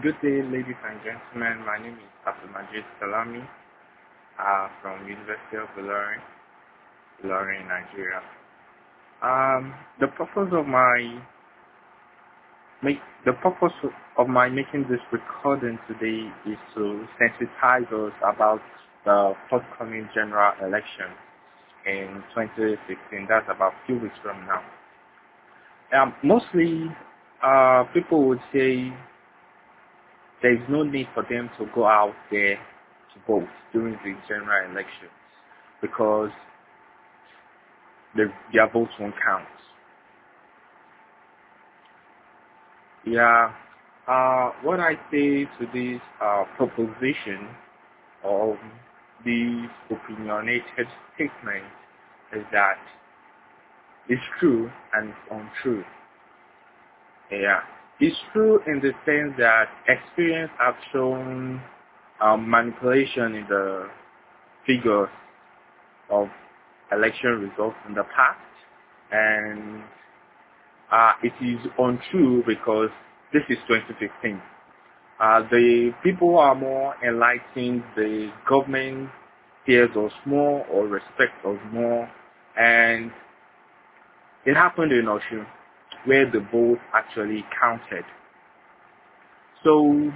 Good day, ladies and gentlemen. My name is Abdulmajid Salami uh, from University of Ilorin, Ilorin, Nigeria. Um, the purpose of my make the purpose of my making this recording today is to sensitize us about the forthcoming general election in 2016. That's about a few weeks from now. Um, mostly, uh, people would say there is no need for them to go out there to vote during the general elections because their, their votes won't count. Yeah, uh, what I say to this uh, proposition of these opinionated statements is that it's true and it's untrue. Yeah. It's true in the sense that experience has shown um, manipulation in the figures of election results in the past, and uh, it is untrue because this is 2015. Uh, the people are more enlightened, the government fears us more or respects us more, and it happened in Oshun where the vote actually counted. So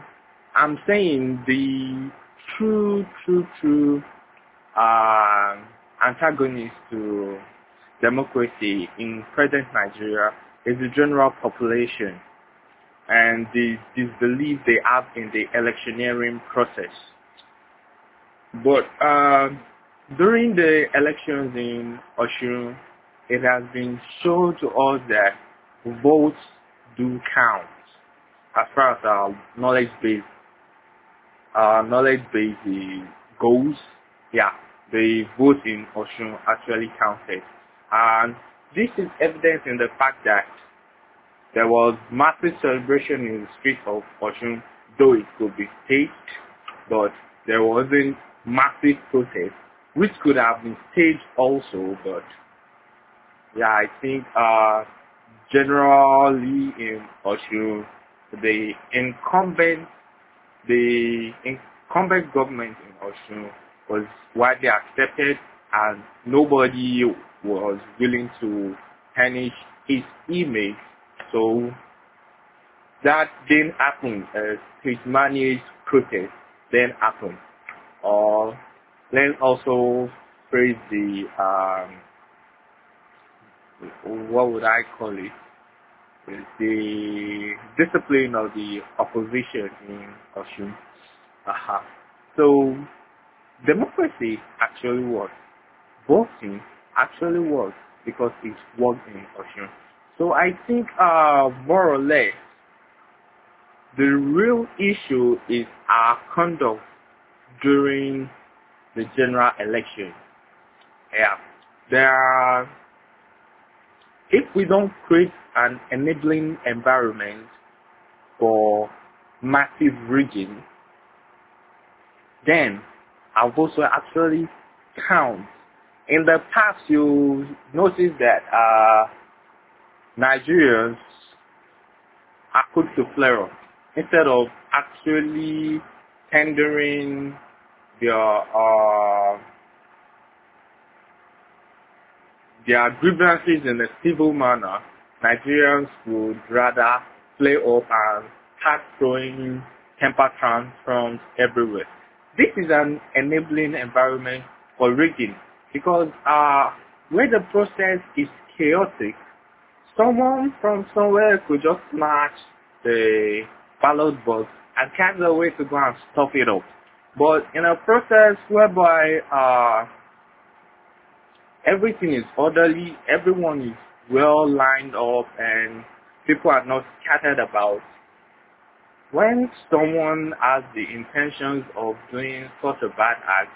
I'm saying the true, true, true uh, antagonist to democracy in present Nigeria is the general population and the disbelief they have in the electioneering process. But uh, during the elections in Oshun, it has been shown to us that votes do count as far as our knowledge base our knowledge base goes yeah the vote in Oshun actually counted and this is evident in the fact that there was massive celebration in the streets of Oshun though it could be staged but there wasn't massive protest which could have been staged also but yeah I think uh generally in Osho, the incumbent, the incumbent government in Austria was widely accepted and nobody was willing to punish his image. So that didn't happen as his managed protest then happened. Or uh, then also praise the um, what would I call it? The discipline of the opposition in Oshun. Aha. So democracy actually works. Voting actually works because it's worked in Oshun. So I think uh, more or less the real issue is our conduct during the general election. Yeah. There are if we don't create an enabling environment for massive rigging, then our votes will actually count. In the past, you notice that uh, Nigerians are quick to flare up instead of actually tendering their uh, There are grievances in a civil manner. Nigerians would rather play up and start throwing temper tantrums everywhere. This is an enabling environment for rigging because uh, where the process is chaotic, someone from somewhere could just snatch the ballot box and find a way to go and stuff it up. But in a process whereby uh, everything is orderly, everyone is well lined up, and people are not scattered about. When someone has the intentions of doing such a bad act,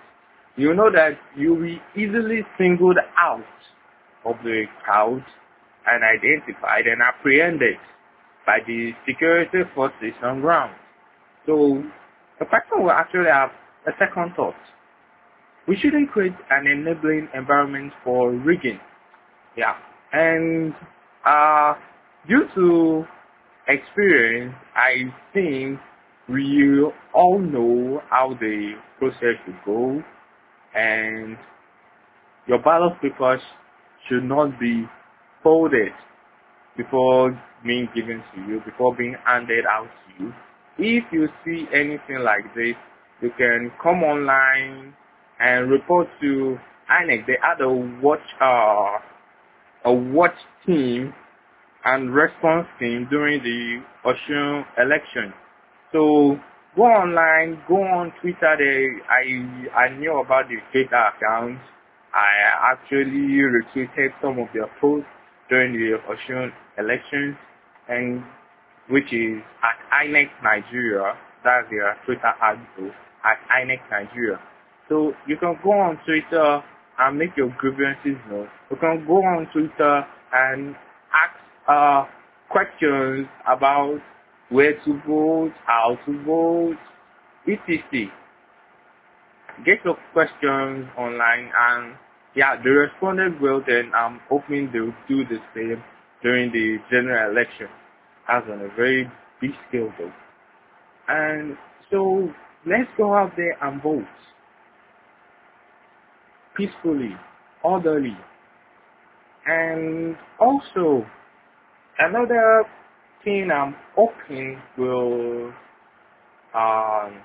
you know that you'll be easily singled out of the crowd and identified and apprehended by the security forces on ground. So the person will actually have a second thought we shouldn't create an enabling environment for rigging. Yeah. And uh, due to experience, I think we all know how the process should go and your ballot papers should not be folded before being given to you, before being handed out to you. If you see anything like this, you can come online and report to INEC. They had a watch uh, a watch team and response team during the election. So go online, go on Twitter. They, I I knew about the Twitter account. I actually retweeted some of their posts during the election. elections, and which is at INEC Nigeria. That's their Twitter handle at INEC Nigeria. So you can go on Twitter and make your grievances known. You can go on Twitter and ask uh, questions about where to vote, how to vote, etc. Get your questions online and yeah, the respondent will then I'm hoping they'll do the same during the general election as on a very big scale though. And so let's go out there and vote peacefully, orderly. And also, another thing I'm hoping will um,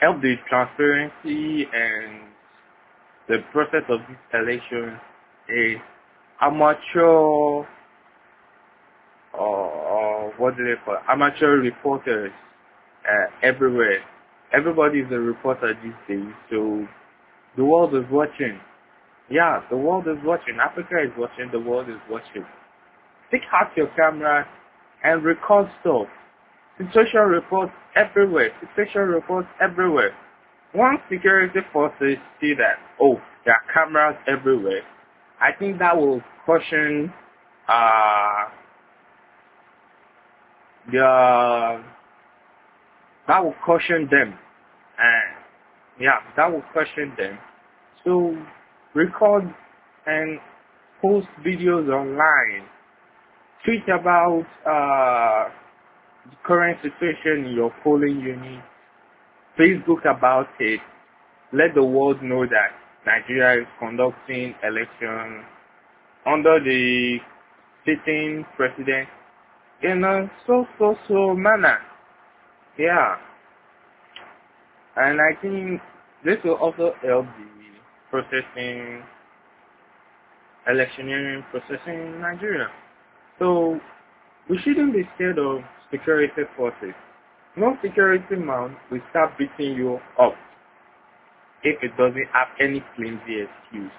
help the transparency and the process of this election is amateur or, uh, uh, what do they call it? amateur reporters uh, everywhere. Everybody is a reporter these days, so the world is watching. Yeah, the world is watching. Africa is watching. The world is watching. Stick out your camera and record stuff. Situation reports everywhere. Situation reports everywhere. Once security forces see that, oh, there are cameras everywhere, I think that will caution uh, the that will caution them and yeah, that will question them. So record and post videos online. Tweet about uh, the current situation in your polling unit. Facebook about it. Let the world know that Nigeria is conducting election under the sitting president in a so so so manner. Yeah. And I think this will also help the processing, electioneering processing in Nigeria. So we shouldn't be scared of security forces. No security man will start beating you up if it doesn't have any flimsy excuse.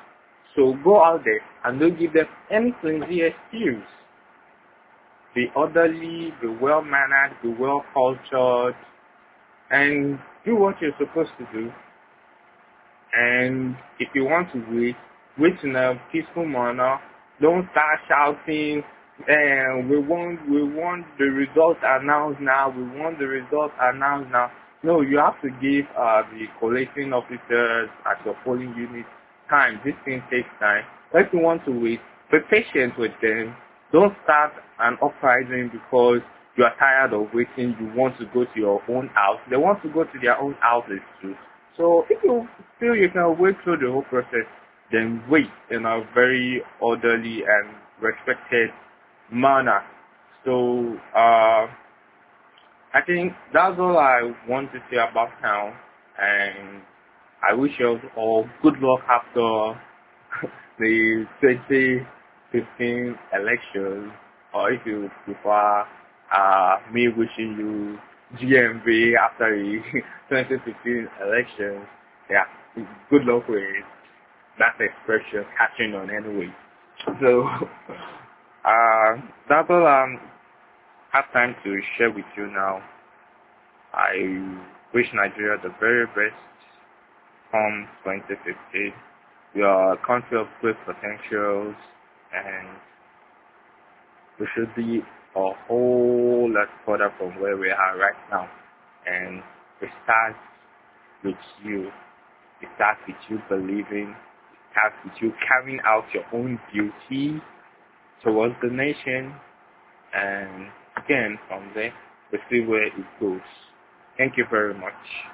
So go out there and don't give them any flimsy excuse. Be orderly, be well mannered, be well cultured, and do what you're supposed to do and if you want to wait, wait in a peaceful manner. Don't start shouting, and eh, we want, we want the result announced now, we want the result announced now. No, you have to give uh, the collecting officers at your polling unit time. This thing takes time. If you want to wait, be patient with them. Don't start an uprising because you are tired of waiting. You want to go to your own house. They want to go to their own houses too. So if you feel you can wait through the whole process, then wait in a very orderly and respected manner. So uh, I think that's all I want to say about now, and I wish you all good luck after the 2015 elections, or if you prefer, uh, me wishing you GMV after the 2015 elections. Yeah, good luck with that expression catching on anyway. So uh, that's all I have time to share with you now. I wish Nigeria the very best from 2015. We are a country of great potentials and we should be a whole lot further from where we are right now. And it starts with you. It starts with you believing. It starts with you carrying out your own duty towards the nation. And again, from there, we see where it goes. Thank you very much.